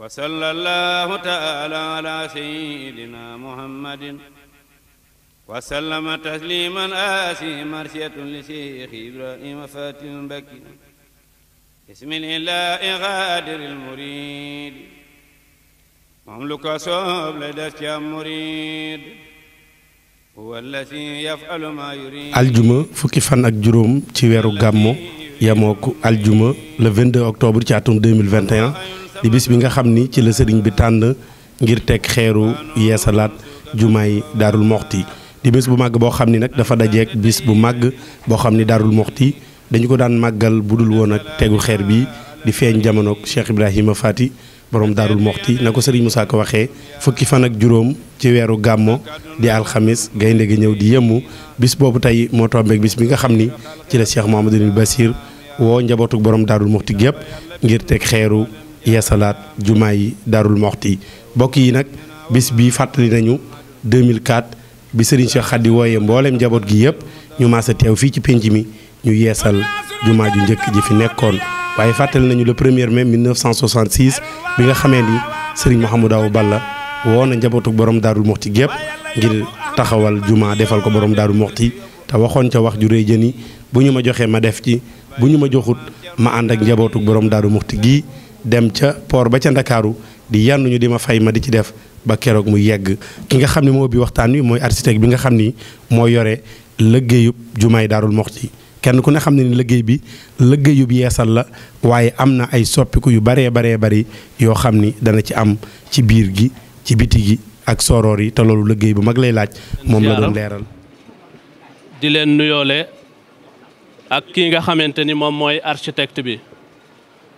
وصلى الله تعالى على سيدنا محمد وسلم تسليما آسي مرسية لشيخ إبراهيم فاتح بكي بسم الله غادر المريد مملك صوب لدى مريد هو الذي يفعل ما يريد الجمعة فكي فان ak juróom ci wéru gammo yamoku aljuma le 22 octobre ci atum 2021 di bis bi nga xam ni ci la sëriñ bi tànn ngir teg xeeru yeesalaat jumaay daarul moxti di bis bu màgg boo xam ni nag dafa dajeek bis bu màgg boo xam ni daarul moxti dañu ko daan màggal bu dul woon ak tegu xeer bi di feeñ jamonoog Cheikh Ibrahima Fati borom daarul moxti na ko sëriñ Moussa ko waxee fukki fan ak juróom ci weeru gàmmo di alxamis gaynde gi ñëw di yëmmu bis boobu tey moo tombeek bis bi nga xam ni ci la Cheikh Mouhamadou Basir woo njabootuk borom daarul moxti gépp ngir teg xeeru yeesalaat jumaa yi Daarul Moxti bokk yi nag bis bi fàttali nañu 2004 bi Serigne Cheikh Khady wooyee mbooleem njaboot gi yëpp ñu maasa teew fii ci penc mi ñu yeesal jumaa ju njëkk ji fi nekkoon waaye fàttali nañu le premier mai 1966 bi nga xamee ni Serigne Mouhamadou Awa Balla woo na njabootu borom Daarul Moxti gépp ngir taxawal jumaa defal ko borom Daarul Moxti te waxoon ca wax ju rëy jëni bu ñu ma joxee ma def ci bu ñu ma joxut ma ànd ak njabootu borom daaru muxti gii dem ca poor ba ca ndakaaru di yanduñu di ma fay ma di ci def ba keroog mu yegg ki nga xam ne moo bi waxtaan wi mooy architecte bi nga xam ni moo yore lëggéeyub jumaay daarul moxti kenn ku ne xam ne ni liggéey bi liggéeyub yeesal la waaye am na ay soppiku yu baree baree bari yoo xam ni dana ci am ci biir gi ci biti yi ak soroor yi te loolu liggéey bu mag lay laaj moom la doon leeral ak kii nga xamante ni moom mooy architecte bi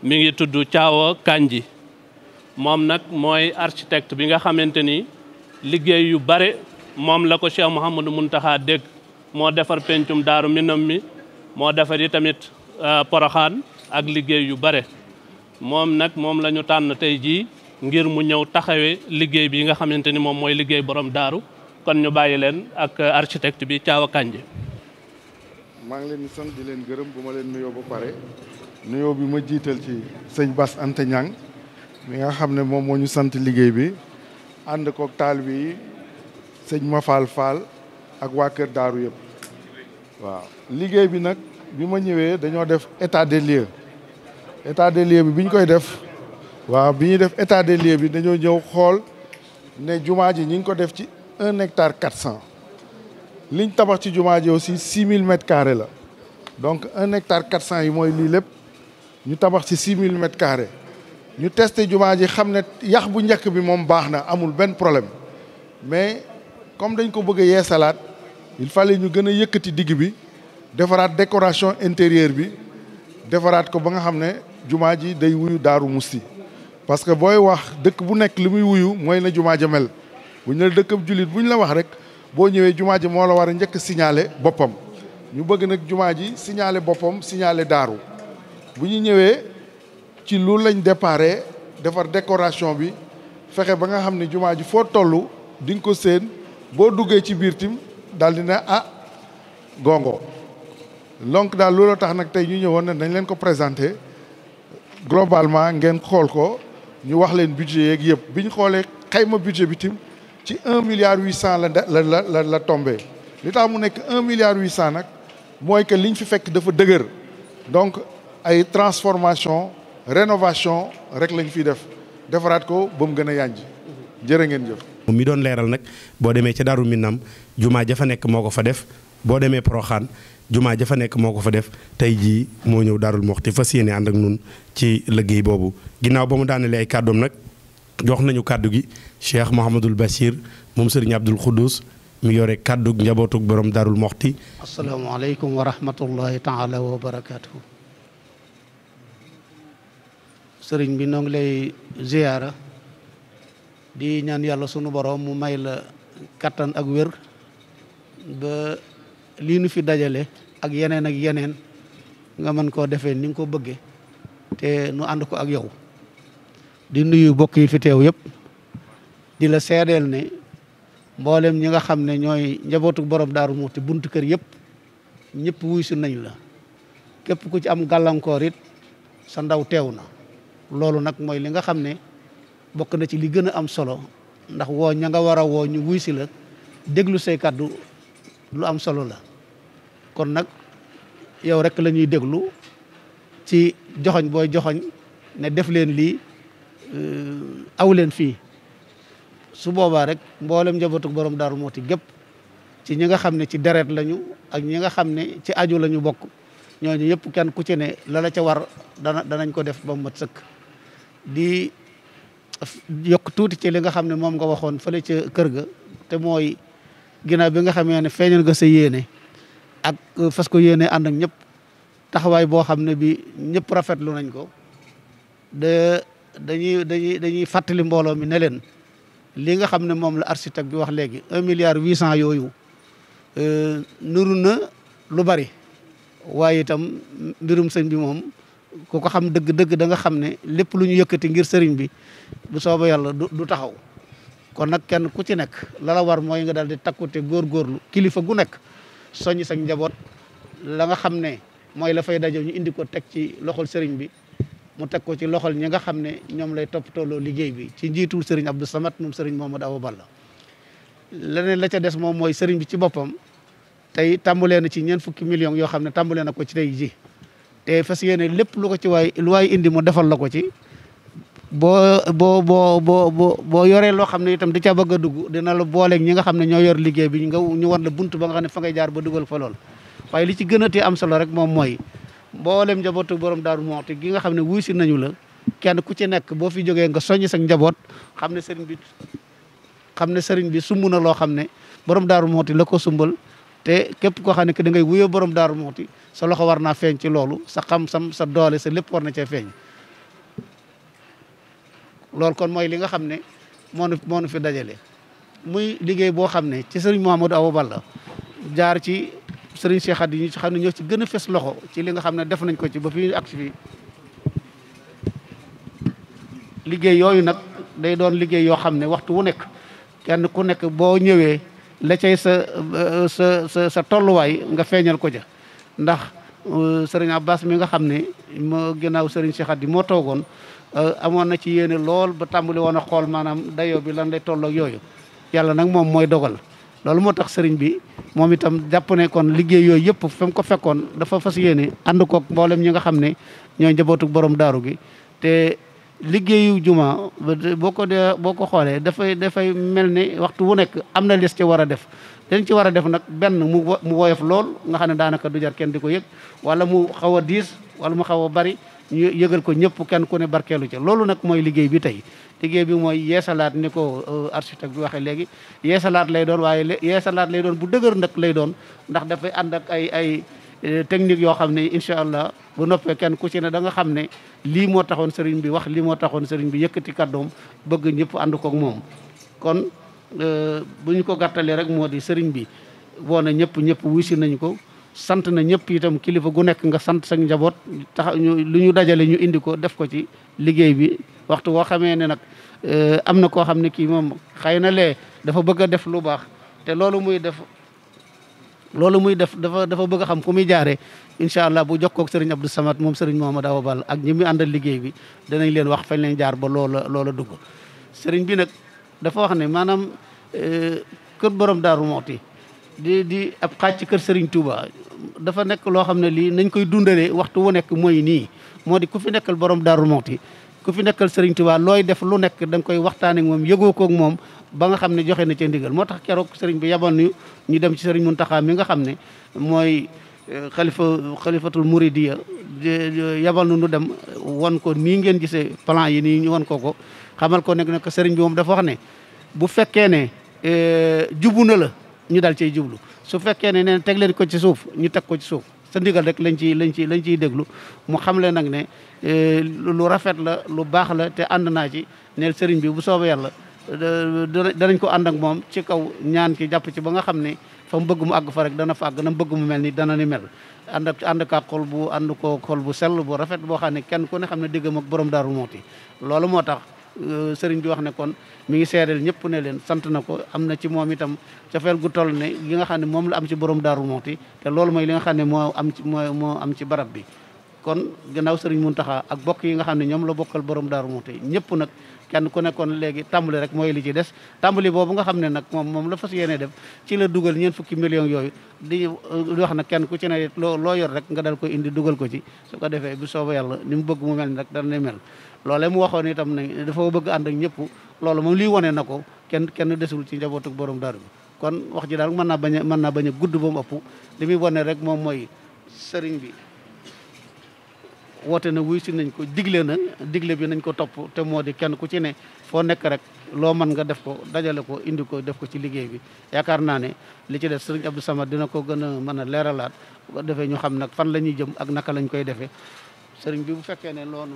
mu ngi tudd Thiawo Kandji moom nag mooy architecte bi nga xamante ni liggéey yu bare moom la ko Cheikh mun taxaa dégg moo defar pencum daaru minam mi moo defar yi tamit euh, poroxaan ak liggéey yu bare moom nag moom la ñu tànn tey jii ngir mu ñëw taxawe liggéey bi nga xamante ni moom mooy liggéey borom daaru kon ñu bàyyi leen ak euh, architecte bi Thiawo Kandji maa ngi leen di sant di leen gërëm bu ma leen nuyoo ba pare nuyo bi ma jiital ci sëñ Bass Anta Niang mi nga xam ne moom moo ñu sant liggéey bi ànd kook taalibe yi sëñ Mafal Fall ak waa Kër Daaru yëpp waaw liggéey bi nag bi ma ñëwee dañoo def état des lieux état des lieux bi bi ñu koy def waaw bi ñuy def état delier bi dañoo ñëw xool ne jumaa ji ñu ngi ko def ci un hectare quatre cent liñ tabax ci jumaa ji aussi six mille mètres carrés la donc un hectare quatre cent yi mooy lii lépp ñu tabax ci six mille mètres carrés ñu teste jumaa ji xam ne yax bu njëkk bi moom baax na amul benn problème mais comme dañ ko bëgg a yeesalaat il fallait ñu gën a yëkkati digg bi defaraat décoration intérieure bi defaraat ko ba nga xam ne jumaa ji day wuyu daaru musti parce que booy wax dëkk bu nekk li muy wuyu mooy na jumaa ja mel bu ñu la dëkkab jullit bu ñu la wax rek boo ñëwee jumaa ji moo la war a njëkk signaler boppam ñu bëgg nag jumaa ji signaler boppam signaler daaru bu ñu ñëwee ci lu lañ déparé defar décoration bi fexe ba nga xam ne jumaa ji foo tollu di ko séen boo duggee ci biir tim daal di ne ah gongo donc daal looloo tax nag tey ñu ñëwoon ne dañ leen ko présenté globalement ngeen xool ko ñu wax leen budget yeeg yëpp bi ñu xoolee xayma budget bi tim ci un milliard huit cent la la la la la tombé li tax mu nekk un milliard huit cent nag mooy que liñ fi fekk dafa dëgër donc ay transformation rénovation rek lañu fi def defaraat ko ba mu gën a yànj jërë ngeen jëf. moom mi doon leeral nag boo demee ca daaru Minam jumaa ja fa nekk moo ko fa def boo demee Poroxaan jumaa ja fa nekk moo ko fa def tey jii moo ñëw Darou Mokhti fa yéene ànd ak nun ci liggéey boobu ginnaaw ba mu daanelee ay kàddoom nag. jox nañu kàddu gi Cheikh Mouhamadul Bachir moom sëriñ Abdul Khoudous mu yore kàddu njabootug borom Darou Mokhti. asalaamaaleykum wa rahmatullahi taala wa barakaatu. sëriñ bi noo ngi lay ziyaara di ñaan yàlla sunu borom mu may la kàttan ak wér ba lii nu fi dajale ak yeneen ak yeneen nga mën koo defee ni nga ko bëggee te nu ànd ko ak yow. di nuyu bokk yi fi teew yëpp di la seedeel ne mboolem ñi nga xam ne ñooy njabootu borom daaru Muxti buntu kër yëpp ñëpp wuy su nañ la képp ku ci am gàllankoor it sa ndaw teew na loolu nag mooy li nga xam ne bokk na ci li gën a am solo ndax woo ña nga war a woo ñu wuy si la déglu say kàddu lu am solo la kon nag yow rekk la ñuy déglu ci joxoñ booy joxoñ ne def leen lii Euh, awleen leen fii su boobaa rek mboolem njabootu borom daaru mooti gépp ci ñi nga xam ne ci deret lañu ak ñi nga xam ne ci aju lañu bokk ñooñu yëpp kenn ku ci ne la ca war dana danañ ko def ba mu mat sëkk di yokk tuuti ci li nga xam ne moom nga waxoon fële ca kër ga te mooy ginnaaw bi nga xamee ne feeñal nga sa yéene ak fas ko yéene ànd ak ñëpp taxawaay boo xam ne bi ñëpp rafetlu nañ ko de dañuy dañuy dañuy fàttali mbooloo mi ne leen li nga xam ne moom la architecte bi wax léegi un milliard huit cent yooyu euh, nuru na lu bari waaye itam mbirum sëñ bi moom ko ko xam dëgg-dëgg da nga xam ne lépp lu ñu yëkkati ngir sëriñ bi bu sooba yàlla du taxaw kon nag kenn ku ci nekk lala war mooy nga daal di takkute góorlu kilifa gu nekk soññ sa njaboot la nga xam ne mooy la fay daje ñu indi ko teg ci loxol sëriñ bi mu teg ko ci loxol ñi nga xam ne ñoom lay toppatooloo liggéey bi ci njiitu Serigne Abdou Samad moom Serigne Momadou Awa Balla leneen la ca des moom mooy Serigne bi ci boppam tey tàmbalee na ci ñeen fukki millions yoo xam ne tàmbalee na ko ci tey ji fas yéene lépp lu ko ci waay lu waay indi mu defal la ko ci boo boo boo boo boo boo yoree loo xam ne itam di ca bëgg dugg dina la booleeg ñi nga xam ne ñoo yor liggéey bi nga ñu wan la bunt ba nga xam ne fa ngay jaar ba dugal fa lool waaye li ci gën a am solo rek moom mooy mboolem njabootu borom daaru moxti gi nga xam ne wuy si nañu la kenn ku ci nekk boo fi jógee nga soññ sa njaboot xam ne sëriñ bi xam ne sëriñ bi sumb na loo xam ne borom daaru moxti la ko sumbal te képp koo xam ne que da ngay wuyoo borom daaru moxti sa loxo war naa feeñ ci loolu sa xam-sam sa doole sa lépp war na cee feeñ loolu kon mooy li nga xam ne moonu moonu fi dajale muy liggéey boo xam ne ci sëriñ Mouhamadou Awa Balla jaar ci sëriñ Cheikh yi ñi ci xam ne ñoo ci gën a fes loxo ci li nga xam ne def nañ ko ci ba fi ak fii liggéey yooyu nag day doon liggéey yoo xam ne waxtu wu nekk kenn ku nekk boo ñëwee la cay sa euh, sa sa tolluwaay nga feeñal ko ja ndax euh, sëriñ Abbas mi nga xam ne moo ginnaaw sëriñ Cheikh Khady moo toogoon euh, amoon na ci yéene lool ba tàmbali woon a xool maanaam dayoo bi lan lay tollook yooyu yàlla nag moom mooy dogal loolu moo tax sëriñ bi moom itam jàpp ne kon liggéey yooyu yëpp fa ko fekkoon dafa fas yéene ànd kook mboolem ñi nga xam ne ñooy njabootu borom daaru gi te liggéeyu juma boo ko de boo ko xoolee dafay dafay mel ni waxtu wu nekk am na lis ci war a def dañ ci war a def nag benn mu mu woyof lool nga xam ne daanaka du jar kenn di ko yëg wala mu xaw a diis wala mu xaw a bari yëgal ko ñëpp kenn ku ne barkeelu ca loolu nag mooy liggéey bi tey liggéey bi mooy yeesalaat ni ko euh, architecte bi waxee léegi yeesalaat lay doon waaye le yeesalaat lay doon bu dëgër nag lay doon ndax dafay ànd ak ay ay euh, technique yoo xam ne incha allah bu noppee kenn ku ci ne da nga xam ne lii moo taxoon sëriñ bi wax lii moo taxoon sëriñ bi yëkkati kaddoom bëgg ñëpp ànd koog moom. kon euh, bu ñu ko gàttalee rek moo di sëriñ bi woo na ñëpp ñëpp wuy si nañu ko sant na ñëpp itam kilifa gu nekk nga sant sag njaboot tax ñu lu ñu dajale ñu indi ko def ko ci liggéey bi waxtu woo xamee ne nag eh, am na koo xam ne kii moom xëy na lee dafa bëgg a def lu baax te loolu muy def loolu muy def dafa dafa bëgg a xam fu muy jaaree incha allah bu jox koog sëriñ Abdou Samad moom sëriñ Mohamad Awa Ball ak ñi muy àndal liggéey bi danañ leen wax fañ leen jaar ba loola loola dugg sëriñ bi nag dafa wax ne maanaam eh, kër borom daaru mooti di di ab xaaj ci kër Serigne Touba dafa nekk loo xam ne lii nañ koy dundalee waxtu wu nekk mooy nii moo di ku fi nekkal borom Darou Mouhty ku fi nekkal Serigne Touba looy def lu nekk da koy waxtaanee moom yëgoo ko moom ba nga xam ne joxe na ca ndigal moo tax keroog sëriñ bi yabal ñu ñu dem ci Serigne Mountakha mi nga xam ne mooy eh, xalifa xalifatul Mouridiya yabal nu nu dem wan ko nii ngeen gisee plan yi nii ñu wan ko ko xamal ko nekk nag Serigne bi moom dafa wax ne bu fekkee ne eh, jubu na la. ñu dal cay jublu su fekkee ne neen teg ko ci suuf ñu teg ko ci suuf sa ndigal rek lañ ci lañ ciy lañ ciy déglu mu xam le nag ne eh, lu rafet la lu baax la te ànd naa ci neel sëriñ bi bu soobee yàlla danañ ko ànd ak moom ci kaw ñaan ki jàpp ci ba nga xam ne fa mbëgg mu àgg fa rek dana fa àgg na mbëgg mu mel ni dana ni mel ànd ak ànd ak xol bu ànd koo xol bu sell bu rafet boo xam ne kenn ku ne xam ne diggam ak borom daaru mooti loolu moo tax Euh, sëriñ bi wax ne kon mi ngi seedeel ñëpp ne leen sant na ko am na ci moom itam cofeel gu toll ne li nga xam ne moom la am ci borom daaru moxti te loolu mooy li nga xam ne moo am ci moo moo am ci barab bi kon gannaaw sëriñ taxa ak bokk yi nga xam ne ñoom la bokkal borom daaru moxti ñëpp nag kenn ku nekkoon léegi tàmbali rek mooy li ci des tàmbali boobu nga xam ne nag moom moom la fas yéene def ci la dugal ñeent fukki millions yooyu di wax na kenn ku ci ne loo loo yor rek nga dal ko indi dugal ko ci su ko defee bu sooba yàlla ni mu bëgg mu mel ni rek dana mel loolee mu waxoon itam ne dafa bëgg ànd ak ñëpp loolu moom lii wonee na ko kenn kenn desul ci njabootuk borom daaru bi kon wax ji daal mën naa bañ a mën naa bañ a gudd ba mu ëpp li muy wane rek moom mooy sëriñ bi woote na wuy si nañ ko digle na digle bi nañ ko topp te moo di kenn ku ci ne foo nekk rek loo mën nga def ko dajale ko indi ko def ko ci liggéey bi yaakaar naa ne li ci des sëriñ Abdou Samad dina ko gën a mën a leeralaat defee ñu xam nag fan la ñuy jëm ak naka lañ koy defee sëriñ bi bu fekkee ne loolu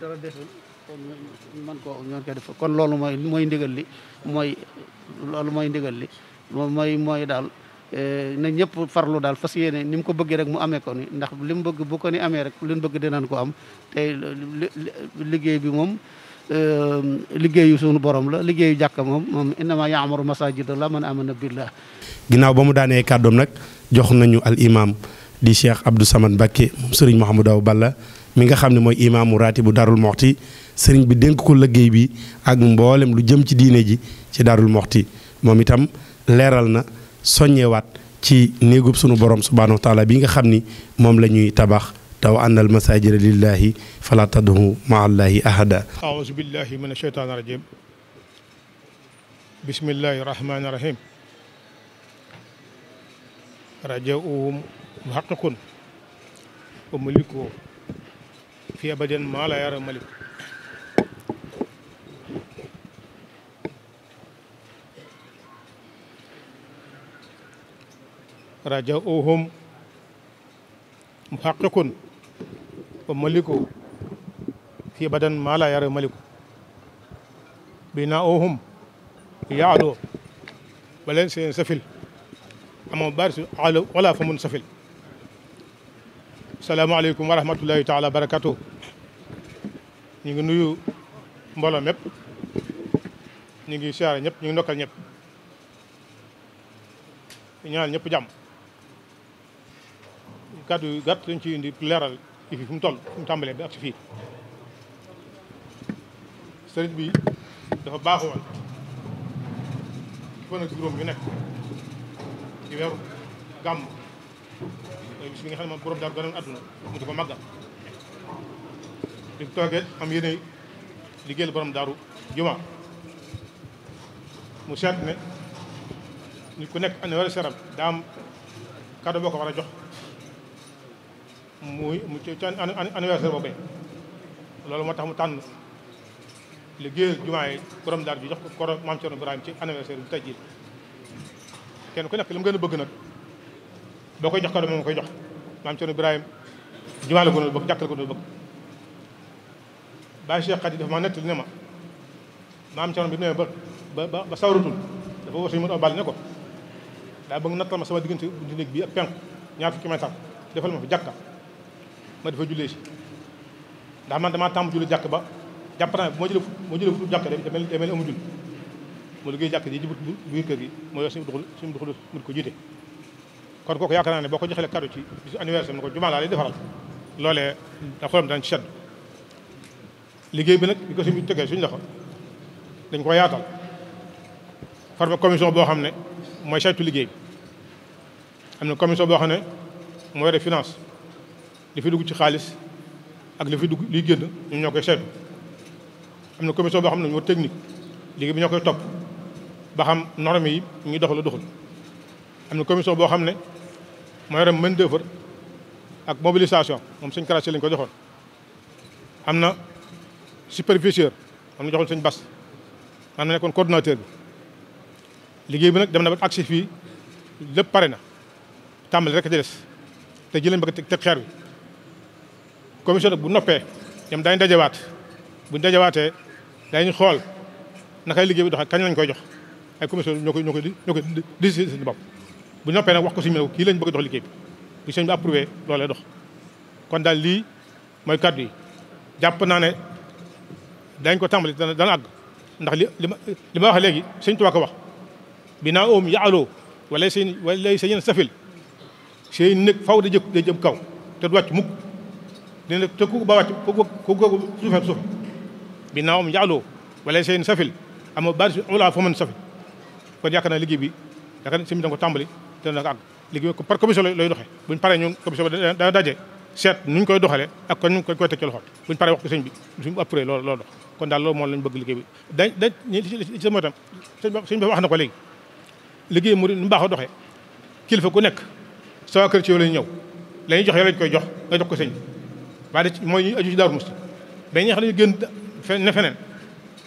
dara desul ko ñoon koy def kon loolu mooy mooy ndigal li mooy loolu mooy ndigal li mooy daal Eh, na ñëpp farlu daal fas yéene ni mu ko bëggee rek mu amee ko ni ndax li mu bëgg bu ko ni amee rek li mu bëgg dinañ ko am te liggéey bi moom eh, liggéeyu sunu borom la liggéeyu jàkka moom moom innama yaamaru masajida la man amana la ginnaaw ba mu daanee kàddoom nag jox nañu al imam di cheikh Abdou Samad Mbacké moom sëriñ Mouhamadou daw Balla mi nga xam ne mooy imaamu raati bu Darou Mouhty sëriñ bi dénk ko liggéey bi ak mboolem lu jëm ci diine ji ci Darou Mouhty moom itam leeral na soññewaat ci néegub sunu borom subhaanahu wa bi nga xam ni moom la ñuy tabax taw annal masajida lillahi fala tadhu maallahi ahada aouzu billahi min asheytaan rajim bismillahi rahmani rahim rajauhum muhaqiqun wa maliku fi abadan ma la yara malik raja'uhum muhaqqiqun wa maliku fi badan ma la yara maliku bina'uhum ya'lu wa laysa yansafil amma barisu wala famun safil salaamu aleykum wa taala barakatuh ñu ngi nuyu mbooloo mépp ñu ngi siyaare ñëpp ñu ngi ndokkal ñëpp ñaan ñëpp kàddu yu gàtt dañ ci indi leeral yi fi fu mu toll fu mu tàmbalee bi ak fii sëriñ bi dafa baaxu woon fan juróom yu nekk ci weeru gàmm mooy bis bi nga xam ne moom borom daal gënoon mu di ko màggal di toogee am yéene liggéeyal borom daaru juma mu seet ne nit ku nekk année wala seram daa am kàddu boo ko war a jox muy mu ci anniversaire boobee loolu moo tax mu tànn liggéeyal jumaa yi borom daar bi jox ko koro maam Cerno Ibrahima ci anniversaire bi tey kenn ku nekk li mu gën a bëgg nag boo koy jox moom koy jox maam Cerno Ibrahima ko doon bëgg jàkk la ko doon bëgg dafa ma nett li ne ma maam Cerno bi ne ba ba ba sawratul dafa war suñu mën a bal ne ko daa bëgg nattal ma sama diggante bu néeg bi ak penku ñaar fukki mètre defal ma fi jàkka ma dafa jullee si ndax man damaa tàmm julli jàkk ba jàpp naa bu ma moo ma jëlee fu jàkk rek damel damel amu julli mu liggéey jàkk moo yor suñu duxul suñu duxul ko jiite kon kooku yaakaar naa boo ko joxeele cadeau ci bisu anniversaire na ko jumaa laa lay defaral loolee da xolam daan ci sedd liggéey bi nag bi ko suñu tëggee suñu loxo dañ ko yaatal formé commission boo xam ne mooy saytu liggéey bi am na commission boo xam ne mooy de finance li fi dugg ci xaalis ak li fi dugg liy génn ñun ñoo koy seetu am na commission boo xam ne ñoo technique liggéey bi ñoo koy topp ba xam normes yi ñuy doxal doxul am na commission boo xam ne mooy yore main d'œuvre ak mobilisation moom sëñ Kara Si lañ ko joxoon am na superviseur am na joxoon sëñ Bas am na nekkoon coordonnateur bi liggéey bi nag dem na ba agsi fii lépp pare na tàmbali rek a ci des te jëleen bëgg teg xeer wi commission bu noppee ñoom daañu dajawaat bu dajawaatee daañ xool naka liggéey bi doxee kañ lañ koy jox ay commission ñoo ko di ko ñoo di si seen bopp bu noppee nag wax ko suñu mel kii lañ bëgg dox liggéey bi bu sëñ bi approuvé loolee dox kon daal lii mooy kàddu yi jàpp naa ne dañ ko tàmbali dana dana àgg ndax li li ma li ma wax léegi sëñ Tuubaa ko wax bi naa oom yaaloo wala seen wala seen safil seen nekk faw da jëkk day kaw te du wàcc mukk dina te ku ba wàcc ku ku ku suufee suuf bi naa am jaxloo wala seen safil ama bari ulaa foo safil kon yaakaar naa liggéey bi yaakaar naa si mi danga ko tàmbali te dana ko àgg ko par commission doxee buñ paree ñun commission bi dana daje seet nuñ ñu koy koy teg ci loxo buñ paree wax ko sëñ bi suñu après loolu loolu dox kon daal loolu moom lañ bëgg liggéey bi dañ dañ ci wax na ko léegi liggéey mu nu baaxoo doxee kilifa ku nekk soo waa kër ci yow lañu ñëw la joxe jox lañ koy jox nga jox ko sëñ bi waaye da mooy ñu aju ci Daaru Musti ba ñi xam ne gën ne feneen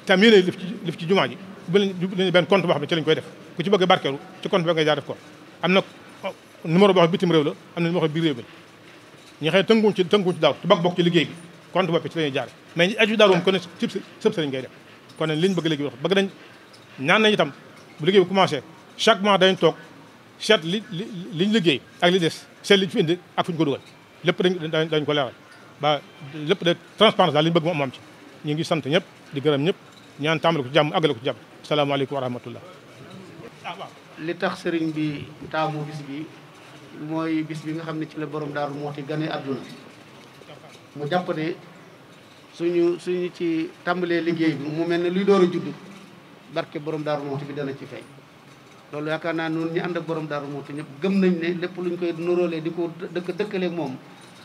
tam yéene lif ci lif ci jumaa ji bu lañu benn compte boo xam ne ci lañ koy def ku ci bëgg barkeelu ci compte ba ngay jaar def ko am na oh, numéro boo xam bitim réew am na numéro biir réew mi ñi xam ne tënkuñ ci tënkuñ ci daaw ci bokk bokk ci liggéey bi compte boobu ci lañuy jaar mais ñi aju daaru moom kon cib sëb sëriñ ngay def kon nag liñ bëgg léegi wax bëgg nañ ñaan nañ tam bu liggéey bi commencé chaque mois dañ toog seet li liñ liggéey ak li des seet liñ fi indi ko dugal lépp dañ dañ ko leeral ba lépp de transparence daal li ñu bëgg moom am ci ñu ngi sant ñëpp di gërëm ñëpp ñaan tàmbale ko ci jàmm àggale ko ci jàmm salaamaaleykum wa rahmatullah ah, li tax sëriñ bi taamu bis bi mooy bis bi nga xam ne ci la borom daaru Muxti gane àdduna mu jàpp ne suñu suñu ci tàmbalee liggéey bi mu mel ni luy door a judd barke borom daaru Muxti bi dana ci feeñ loolu yaakaar naa noonu ñu ànd ak borom daaru Muxti ñëpp gëm nañ ne lépp luñ koy nuróolee di ko dëkk moom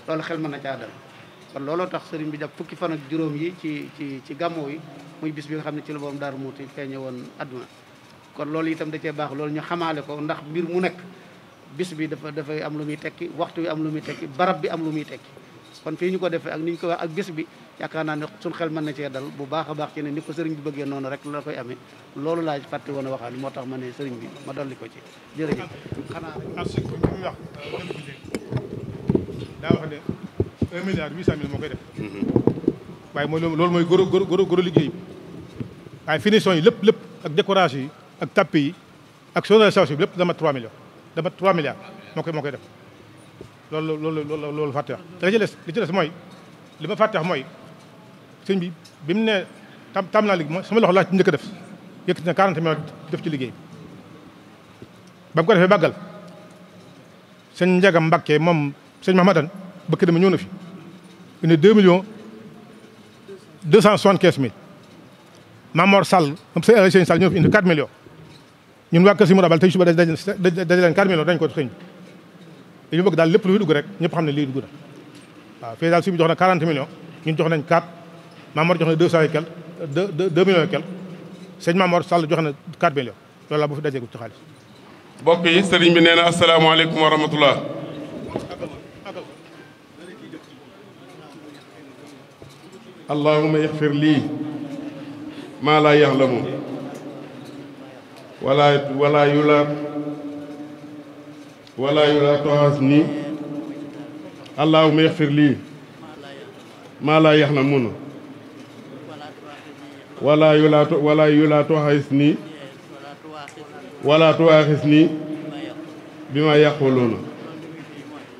loolu xel mën na caa kon looloo tax sëriñ bi jàpp fukki fan ak juróom yi ci ci ci gàmmoo yi muy bis bi nga xam ne ci la borom daaru muuti feeñe woon adduna kon loolu itam da cee baax loolu ñu xamaale ko ndax mbir mu nekk bis bi dafa dafay am lu muy tekki waxtu bi am lu muy tekki barab bi am lu muy tekki kon fii ñu ko defee ak ni ñu ko wax ak bis bi yaakaar naa ne suñ xel mën na cee dal bu baax a baax ci ne ko sëriñ bi bëggee noonu rek la koy amee loolu laa fàtte woon a waxaan moo tax ma ne sëriñ bi ma dolli ko ci jërëjëf xanaa daa wax un milliard huit cent mille moo koy def waaye mooy loolu mooy goro goro goro liggéey bi waaye finition yi lépp lépp ak décoration yi ak tapis yi ak sonorisation bi lépp dama trois millions dama trois milliards moo koy moo koy def loolu loolu loolu loolu fàtte wax te li ci des li ci des mooy li ma fàtte wax mooy sëñ bi bi mu ne tam tam naa liggéey sama loxo laa ci njëkk def yëkkati na 40 millions def ci liggéey ba mu ko defee bàggal sëñ Ndiaga Mbacke moom sëñ Mahamadan bëkk dama ñëw na fi ñu ne 2 millions 275 mille Mamor Sall moom sëñ Aliou Sëñ Sall ñoo fi indi 4 millions ñun waa Kër Sëñ Modou Abal tey suba daje daje leen 4 millions dañ ko sëñ bi. dañu bëgg daal lépp luy dugg rek ñëpp xam ne lii dugg na waaw fii daal subi jox na 40 millions ñun jox nañ 4 Mamor jox na 200 et quelque 2 2 millions et quelque sëñ Mamor Sall jox na 4 millions loolu la bu fi dajeegul ci xaalis. mbokk yi bi nee na asalaamaaleykum wa rahmatullah allahuma ixfir lii maa laa yaxlamu wala wala yu la wala yu la toxas nii allahuma ixfir lii maa laa yaxlamun wala yu la wala yu la toxas nii wala tuwaaxis nii bi ma yàquluuna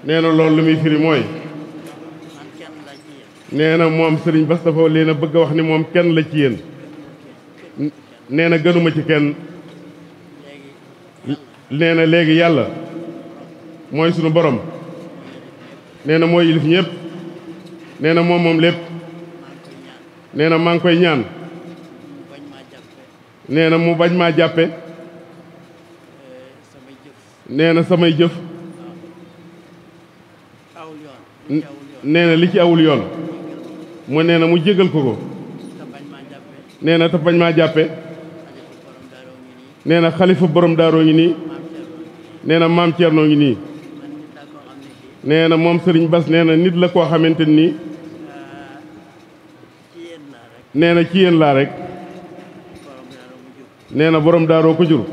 nee na lool lu muy firi mooy nee na moom sëriñ Bass dafa leen a bëgg a wax ni moom kenn la ci yéen nee na gënuma ci kenn nee na léegi yàlla mooy sunu borom nee na mooy yilif ñëpp nee na moom lépp nee na maa ngi koy ñaan nee na mu bañ maa jàppe nee na samay jëf nee na li ci awul yoon mu nee na mu jégal ko ko nee na te bañ maa jàppe nee na xalifa borom daaroo ngi nii nee na maam Thierno ngi nii nee na moom Serigne bas nee na nit la koo xamante nii nee na ci yéen laa rek nee na borom daaroo ko jur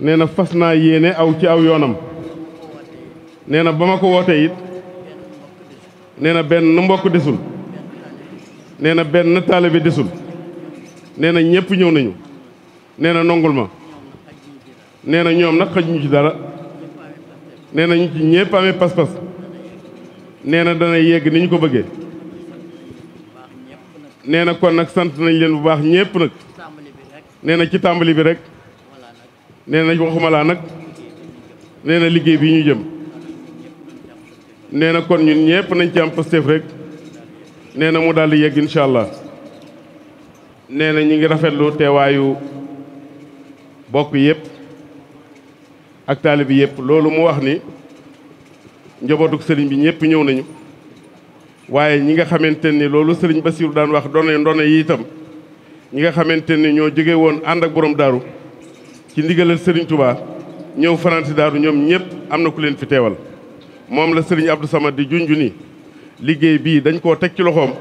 nee na fas naa yéene aw ci aw yoonam nee na ba ma ko wootee it nee na benn mbokk desul nee na benn taalibe desul nee na ñëpp ñëw nañu nee na nongul ma nee na ñoom nag xajuñu ci dara nee na ñu ci ñëpp amee pas-pas nee na dana yegg ni ko bëggee nee na kon nag sant nañ leen bu baax ñëpp nag nee na ci tàmbali bi rek nee na waxuma laa nag nee na liggéey bi ñu jëm nee na kon ñun ñëpp nañ ci am Pastef rek nee na mu daal di yegg incha allah nee na ñi ngi rafetlu teewaayu bokk yëpp ak taalibe yëpp loolu mu wax ni njabootuk sëriñ bi ñëpp ñëw nañu waaye ñi nga xamante ni loolu sëriñ Basiru daan wax doone ndone yi itam ñi nga xamante ni ñoo jóge woon ànd ak borom daaru ci ndigalal sëriñ Touba ñëw faranti daaru ñoom ñëpp am na ku leen fi teewal moom la sëriñ Abdou Samad di junj ni liggéey bii dañ koo teg ci loxoom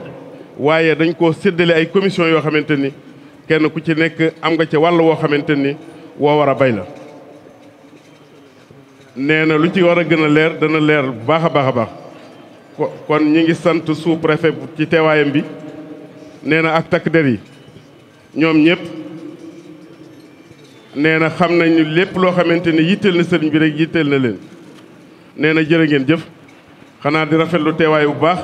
waaye dañ koo séddale ay commission yoo xamante ni kenn ku ci nekk am nga ci wàll woo xamante ni woo war a bay la. nee na lu ci war a gën a leer dana leer bu baax a baax a baax kon ñi ngi sant sous préfet ci teewaayam bi nee na ak takk der yi ñoom ñëpp. nee na xam nañu lépp loo xamante ni yitteel na sëriñ bi rek yitteel na leen. nee na jërë ngeen jëf xanaa di rafetlu teewaay bu baax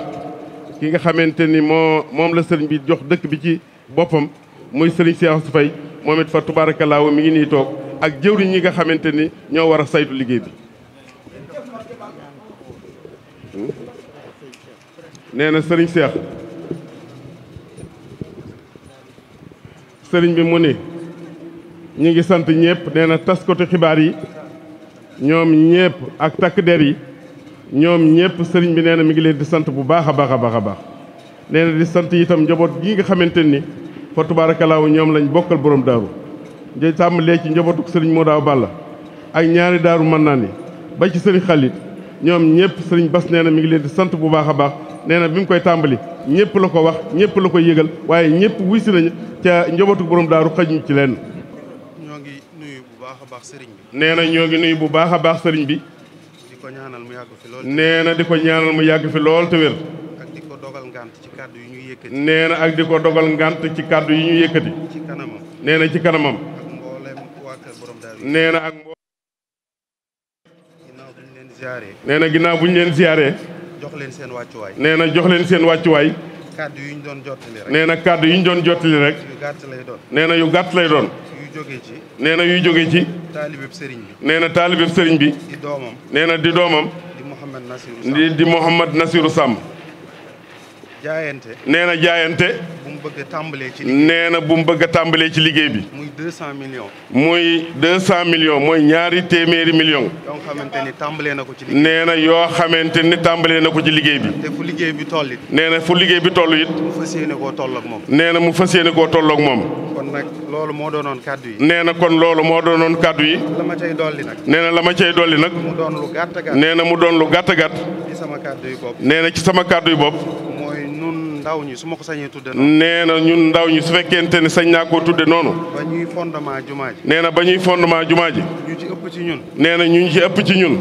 ki nga xamante ni moo moom la sëriñ bi jox dëkk bi ci boppam muy sëriñ Cheikh Faye moom it fa tubaarakallaahu mi ngi nii toog ak jëwriñ ñi nga xamante ni ñoo war a saytu liggéey bi nee na sëriñ Cheikh sëriñ bi mu ni ñi ngi sant ñëpp nee na tas taskatu xibaar yi ñoom ñëpp ak takk der yi ñoom ñëpp sëriñ bi nee na mi ngi leen di sant bu baax a baax a baax a baax nee na di sant itam njaboot gi nga xamante ni fa tubaarakalaaw ñoom lañ bokkal borom daaru di tàmbalee ci njabootuk sëriñ Modou Awa Balla ak ñaari daaru mën naa ni ba ci sëriñ Xalit ñoom ñëpp sëriñ Bas nee na mi ngi leen di sant bu baax a baax nee bi mu koy tàmbali ñëpp la ko wax ñëpp la ko yëgal waaye ñëpp wuy si nañu ca njabootuk borom daaru xajuñ ci leen baax nee na ñoo ngi nuyu bu baax a baax sëriñ bi. di ko ñaanal mu yàgg fi lool. nee na di ko ñaanal mu yàgg fi lool te wér. ak di ko dogal ngànt ci kàddu yu ñuy yëkkati. nee na ak ko dogal ngànt ci kàddu yu ñuy yëkkati. ci kanamam nee na ci kanamam. ak mboolem waa kër borom daal yi. nee na ak mboolem. ginnaaw bu ñu leen ziaree. nee na ginnaaw bu ñu leen ziaree. jox leen seen wàccuwaay. nee na jox leen seen wàccuwaay. kàddu yu ñu doon jottali rek. nee na kàddu yu ñu doon jottali rek. yu gàtt lay doon. nee yuy jóge ci. taalibeb sëriñ bi. nee na taalibeb sëriñ bi. di doomam. nee na di doomam. di Mouhamad Nasiru Samb di di Mouhamad Nasiru Samb. jaayante nee na jaayante. bu mu bëgg tàmbalee ci nee na bu mu bëgg a tàmbalee ci liggéey bi. muy deux cent millions. muy deux cent millions mooy ñaari téeméeri million yoo xamante ni tàmbalee na ko ci nee na yoo xamante ni tàmbalee na ko ci liggéey bi. te fu liggéey bi toll it. nee na fu liggéey bi toll it. mu fas yéene koo toll ak moom. nee na mu fas yéene koo toll moom. kon nag loolu moo doonoon kàddu yi. nee na kon loolu moo doonoon kàddu yi. la ma cay dolli nag. nee na la ma cay dolli nag. mu doon lu gàtt gàtt. nee na mu doon lu gàtt gàtt. ci sama kàddu yi nee na ci sama kàddu yi bopp. ndaw ñi su ma ko sañee tudde noonu. nee na ñun ndaw ñi su fekkente ne sañ naa koo tudde noonu. ba ñuy fondement jumaa ji. nee na ba ñuy fondement jumaa ji. ñu ci ëpp ci ñun. nee na ñu ci ëpp ci ñun.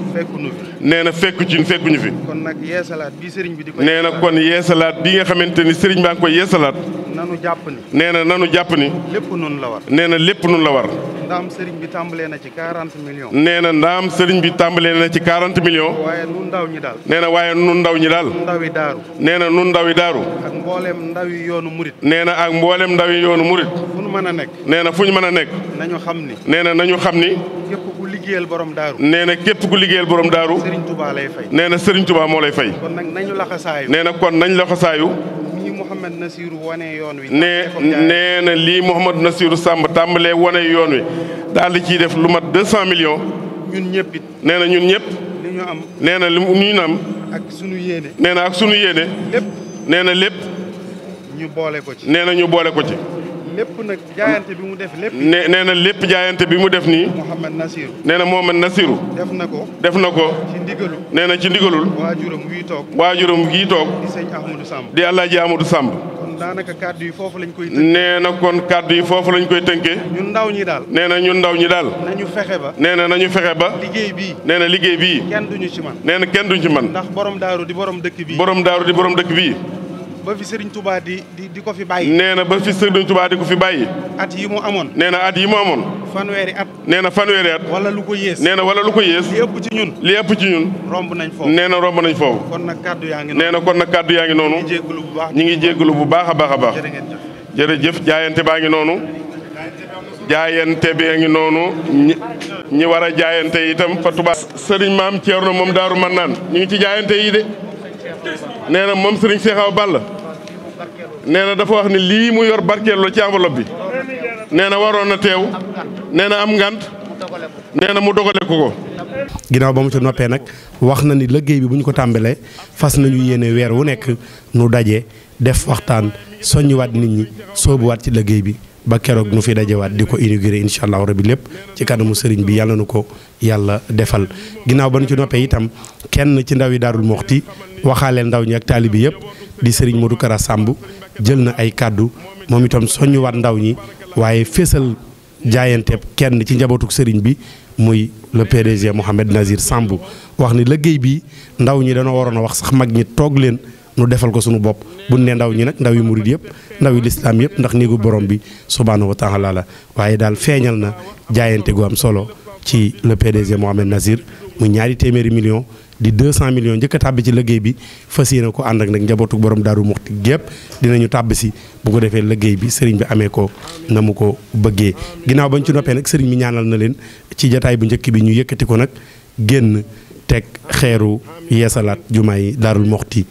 nee na fekk ci fekkuñu fi. kon nag yeesalaat bi sëriñ bi di ko. nee na kon yeesalaat bi nga xamante ni sëriñ baa ngi koy yeesalaat. nanu jàpp ni. nee na nanu jàpp ni. lépp nun la war. nee na lépp nun la war. ndaam sëriñ bi tàmbalee na ci 40 millions. nee na ndaam sëriñ bi tàmbalee na ci 40 millions. waaye ndaw ñi daal. nee na waaye nun ndaw ñi daal. ndaw yi daaru. nee na nun ndaw yi daaru. ak mboolem ndaw yoonu murit. nee na ak mbooleem ndaw yi yoonu murit. fu ñu mën a nekk. nee na fu ñu mën a nekk. nañu xam ni. nee na nañu xam ni. liggéeyal borom daaru. nee na képp ku liggéeyal borom daaru. Serigne Touba lay fay. nee na Serigne Touba moo lay fay. kon nag nañu laxasaayu. nee na kon nañ laxasaayu. nii Mouhamed Nassirou wane yoon wi. nee nee na lii Mouhamed Nassirou Samb tàmbalee wane yoon wi daal di ciy def lu mat 200 millions. ñun ñëpp it. nee na ñun ñëpp. am. nee na li ñu am. ak sunu yéene. nee na ak sunu yéene. lépp nee na lépp. ñu boole ko ci. nee na ñu boole ko ci. lépp nag jaayante bi mu def lépp. nee nee na lépp jaayante bi mu def nii. Mouhamad Nasir. nee na Mouhamad Nasiru. def na ko. def na ko. ci ndigalul. nee na ci ndigalul. waajuram wii toog. waajuram wii toog. di sëñ Ahmadou Samb. di El Hadj Amadou Samb. kon daanaka kàddu yi foofu lañ koy. nee na kon kàddu yi foofu lañ koy tënkee. ndaw ñi daal. nee na ñun ndaw ñi daal. nañu fexe ba. nee na nañu fexe ba. liggéey bii. nee na liggéey bii. kenn duñu ci man. nee na kenn duñu ci man. ndax borom daaru di borom dëkk bii. borom daaru di borom dëkk bii ba fi Serigne Touba di di ko fi bàyyi. nee na ba fi Serigne tubaa di ko fi bàyyi. at yi mu amoon. nee na at yi mu amoon. fanweeri at. nee na wala lu ko yées. nee na wala lu ko yées. li ci ñun. li ëpp ci ñun. romb nañ foofu nee na romb nañ foofu. kon nag kàddu yaa ngi nee na kon nag kàddu yaa ngi noonu. ñu ngi jégalu bu baax ñu ngi jégalu bu baax a baax jërëjëf jaayante baa ngi noonu. jaayante bi ngi noonu ñi ñi war a jaayante itam fa Touba. Serigne maam na moom Daaru Mannaan ñu ngi ci jaayante yi de nee na moom sëriñ Cheikh Awa Balla nee na dafa wax ni lii mu yor barkeeloo ci enveloppe bi nee na waroon na teew nee na am ngànt nee na mu dogale ko ko. ginnaaw ba mu ci noppee nag wax na ni liggéey bi bu ñu ko tàmbalee fas nañu yéene weer wu nekk nu daje def waxtaan soññiwaat nit ñi soobuwaat ci liggéey bi. ba keroog nu fi dajewaat di ko inauguré incha allahu rabi lépp ci kanamu sëriñ bi yàlla nu ko yàlla defal ginnaaw ba nu ci noppee itam kenn ci ndaw yi daarul moxti waxaale ndaw ñi ak taalibi yëpp di sëriñ Modou Kara Samb jël na ay kàddu moom itam soññuwaat ndaw ñi waaye fésal jaayanteeb kenn ci njabootuk sëriñ bi muy le PDG Mouhamed Nazir Samb wax ni liggéey bi ndaw ñi dañoo waroon a wax sax mag ñi toog leen nu defal ko suñu bopp bu ne ndaw ñi nag ndaw yu murid yëpp ndaw yu lislaam yëpp ndax néegu borom bi subhaanahu wa taala la waaye daal feeñal na jaayante gu am solo ci le PDG Mouhamed Nazir mu ñaari téeméeri million di deux 200 millions njëkk a tàbbi ci liggéey bi fas yéene ko ànd ak nag njabootu borom daaru muxti gépp dinañu tàbb si bu ko defee liggéey bi sëriñ bi amee ko na mu ko bëggee ginnaaw bañ ci noppee nag sëriñ bi ñaanal na leen ci jataay bu njëkk bi ñu yëkkati ko nag génn teg xeeru yeesalaat jumaay daarul muxti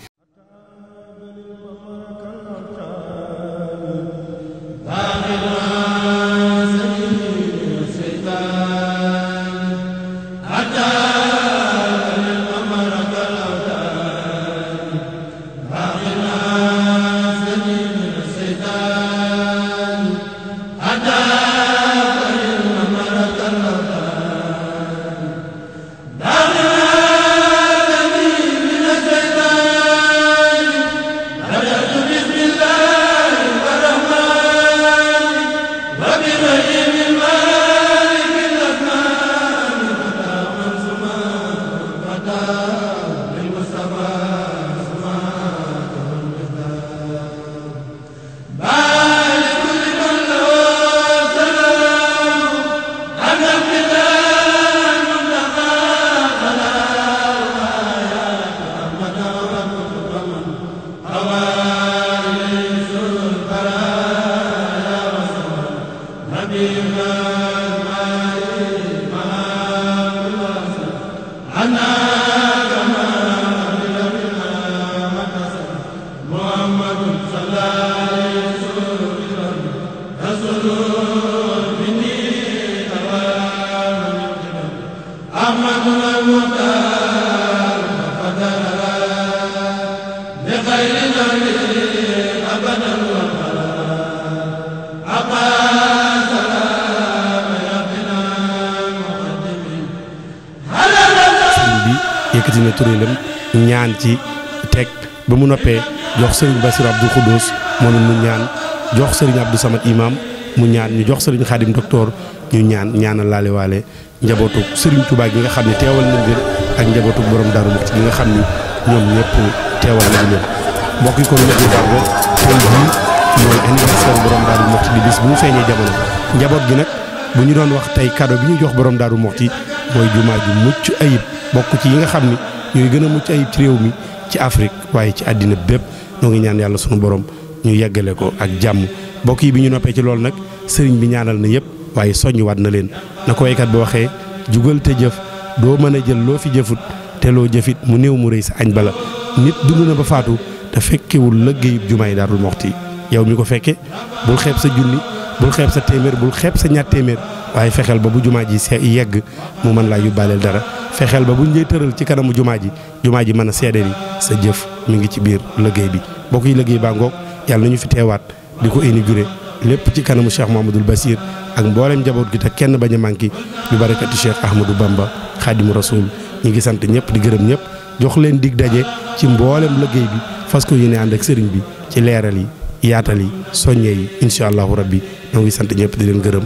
yëkkati na turéelam ñaan ci teg ba mu noppee jox sëriñ Bassirou Abdou Khoudous moom mu ñaan jox sëriñ Abdou Samad imam mu ñaan ñu jox sëriñ Xaadim docteur ñu ñaan ñaanal laale waale njabootu sëriñ tubaay gi nga xam ne teewal nañ leen ak njabootu borom Darou Mouhty gi nga xam ni ñoom ñëpp teewal nañ leen mbokk yi kon Médina Darbo tey jii mooy anniversaire borom mu feeñee jamono njaboot gi nag bu ñu doon wax tey cadeau bi ñu jox borom Darou Mouhty mooy jumaa ju mucc ayib bokk ci yi nga xam ni ñooy gën a mucc ayib ci réew mi ci Afrique waaye ci àddina bépp ñoo ngi ñaan yàlla sunu borom ñu yeggale ko ak jàmm mbokk yi bi ñu noppee ci loolu nag sëriñ bi ñaanal na yëpp waaye soññ waat na leen na ko waykat bi waxee jugal te jëf doo mën a jël loo fi jëfut te loo jëfit mu néew mu rëy sa añ bala nit dund na ba faatu te fekkewul lëggéeyub jumaay daarul moxti yow mi ko fekke bul xeeb sa junni bul xeeb sa téeméer bul xeeb sa ñaar téeméer waaye fexeel ba bu jumaa ji see yegg mu man laa yóbbaaleel dara fexeel ba bu lay tëral ci kanamu jumaa ji jumaa ji mën a seede ni sa jëf mi ngi ci biir liggéey bi bokk yi liggéey baa ngoog yàlla nañu fi teewaat di ko inauguré lépp ci kanamu Cheikh Mouhamadoul basiir ak mboolem njaboot gi te kenn bañ a manqué bi barakati Cheikh Ahmadou Bamba xaadimu rasul ñi ngi sant ñëpp di gërëm ñëpp jox leen dig daje ci mbooleem liggéey bi fas ko yéene ànd ak sëriñ bi ci leeral yi yaatal yi soññe yi incha allahu rabbi ñoo ngi sant ñëpp di leen gërëm